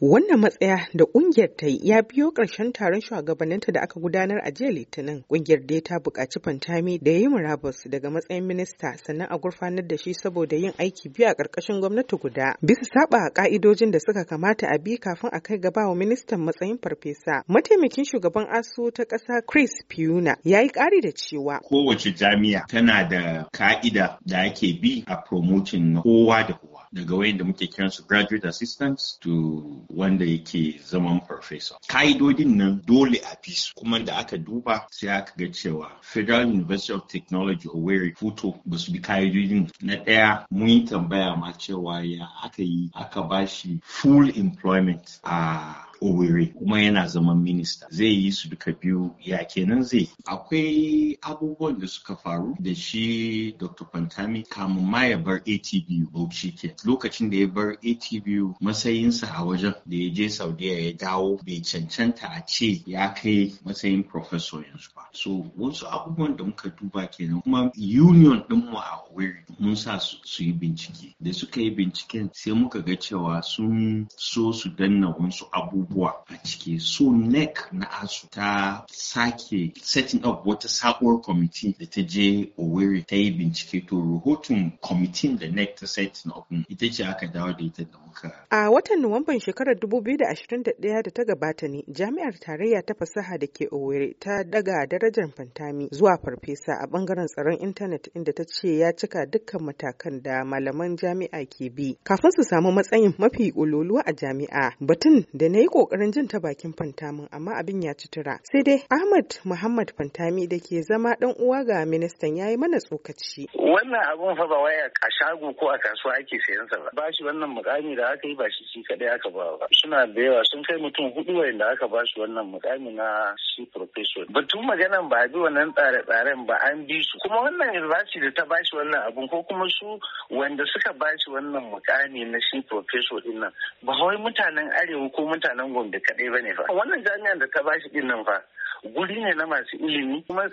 Wannan matsaya da ƙungiyar ta yi ya biyo ƙarshen taron shugabanninta da aka gudanar a jiya Litinin. Kungiyar dai ta buƙaci Fantami da ya yi murabus daga matsayin minista sannan a gurfanar da shi saboda yin aiki biyu a ƙarƙashin gwamnati guda. Bisa saba ƙa'idojin da suka kamata a bi kafin a kai gaba wa ministan matsayin farfesa. Mataimakin shugaban ASU ta ƙasa Chris Piuna ya yi ƙari da cewa. Kowace jami'a tana da ka'ida da ake bi a promoting kowa da kowa. daga wayanda muke kiran su graduate assistants to wanda yake zaman farfesa. Ka'idodin nan dole a bi su kuma da aka duba sai aka ga cewa Federal University of Technology Owerri Futo ba su bi ka'idodin na ɗaya mun yi tambaya ma cewa ya aka yi aka ba shi full employment a Owerri kuma yana zaman minista zai yi su duka biyu ya kenan zai akwai abubuwan da suka faru da shi Dr. Pantami kamun ma ya bar ATBU Bauchi ke lokacin da ya bar ATBU matsayinsa a wajen da ya je Saudiya ya dawo bai cancanta a ce ya kai matsayin professor yanzu ba so wasu abubuwan da muka duba kenan kuma union din mu a Owerri mun sa su yi bincike da suka yi binciken sai muka ga cewa sun so su danna wasu abubuwa abubuwa a ciki so nec na asu ta sake setting up wata sabuwar kwamiti da ta je Owerri ta yi bincike to rahoton kwamitin da nec ta setting up ita ce aka dawo da ita da muka. A watan Nuwamban shekarar 2021 da ta gabata ne jami'ar tarayya ta fasaha da ke Owerri ta daga darajar fantami zuwa farfesa a bangaren tsaron intanet inda ta ce ya cika dukkan matakan da malaman jami'a ke bi kafin su samu matsayin mafi ololuwa a jami'a batun da na yi Kokarin jin ta bakin Fantamin amma abin ya ci tura. Sai dai Ahmad Muhammad Fantami da ke zama dan uwa ga ministan ya yi mana tsokaci. Wannan abun fa ba waya a shago ko a kasuwa ake sayan sa ba. shi wannan mukami da aka yi ba shi shi kadai aka ba ba. Suna da yawa sun kai mutum hudu wanda aka ba shi wannan mukami na shi professor. Batun maganan ba bi wannan tsare-tsaren ba an bi su. Kuma wannan university da ta ba shi wannan abun ko kuma su wanda suka ba shi wannan mukami na shi professor dinnan nan ba wai mutanen arewa ko mutanen zangon da kadai ba ne fa. Wannan jami'an da ta bashi ɗin nan fa guri ne na masu ilimi kuma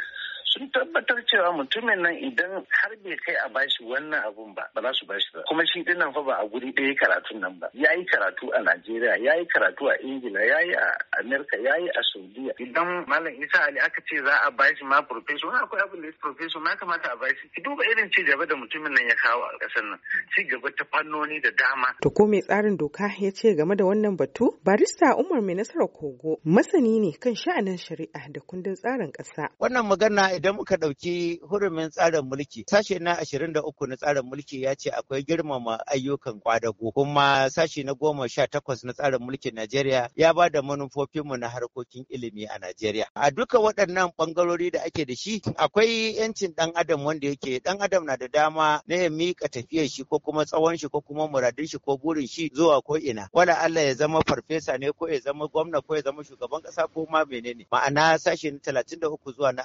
sun tabbatar cewa mutumin nan idan har bai kai a bashi wannan abun ba ba za su bashi ba kuma shi dinnan fa ba a guri ɗaya karatun nan ba ya yi karatu a Najeriya ya yi karatu a Ingila ya yi a Amerika ya yi a Saudiya idan Malam Isa Ali aka ce za a bashi ma profession akwai abin da ya profession ma kamata a bashi ki duba irin ci gaba da mutumin nan ya kawo a ƙasar nan ci gaba ta fannoni da dama. To ko mai tsarin doka ya ce game da wannan batu barista Umar mai nasarar kogo masani ne kan sha'anin shari'a da kundin tsarin ƙasa. Wannan magana idan muka ɗauki hurumin tsarin mulki sashe na 23 na tsarin mulki ya ce akwai girmama ayyukan kwadago kuma sashe na goma sha takwas na tsarin mulkin Najeriya ya ba da manufofinmu na harkokin ilimi a Najeriya. A duka waɗannan ɓangarori da ake da shi akwai 'yancin ɗan adam wanda yake ɗan adam na da dama na ya miƙa tafiyar shi ko kuma tsawon shi ko kuma muradin shi ko burin shi zuwa ko ina. Wala Allah ya zama farfesa ne ko ya zama gwamna ko ya zama shugaban ƙasa ko ma menene. Ma'ana sashe na 33 zuwa na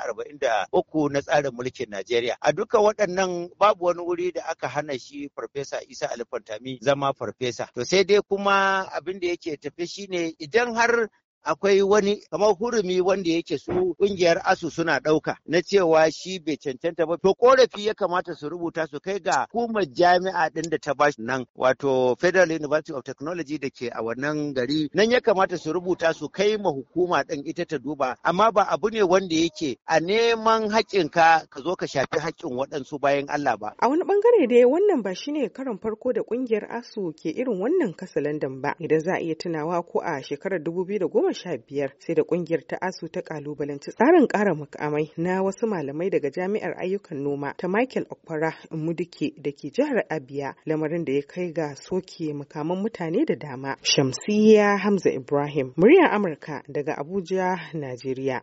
uku na tsarin mulkin Najeriya. A duka waɗannan babu wani wuri da aka hana shi Farfesa Isa Alfantami zama Farfesa. To sai dai kuma abin da yake tafi shine idan har akwai wani kamar hurumi wanda yake su kungiyar asu suna ɗauka na cewa shi bai cancanta ba to korafi ya kamata su rubuta su kai ga hukumar jami'a ɗin da ta bashi nan wato Federal University of Technology da ke a wannan gari nan ya kamata su rubuta su kai ma hukuma ɗin ita ta duba amma ba abu ne wanda yake a neman haƙƙin ka zo ka shafi haƙƙin waɗansu bayan Allah ba. A wani bangare dai wannan ba shine karon farko da kungiyar asu ke irin wannan kasalandan ba idan za a iya tunawa ko a shekarar dubu biyu da goma goma sha biyar sai da kungiyar ta asu ta kalubalanci tsarin ƙara mukamai na wasu malamai daga jami'ar ayyukan noma ta Michael Okwara Muduke da ke jihar Abia lamarin da ya kai ga soke mukaman mutane da dama. Shamsiyya Hamza Ibrahim, muryar Amurka daga Abuja, Najeriya.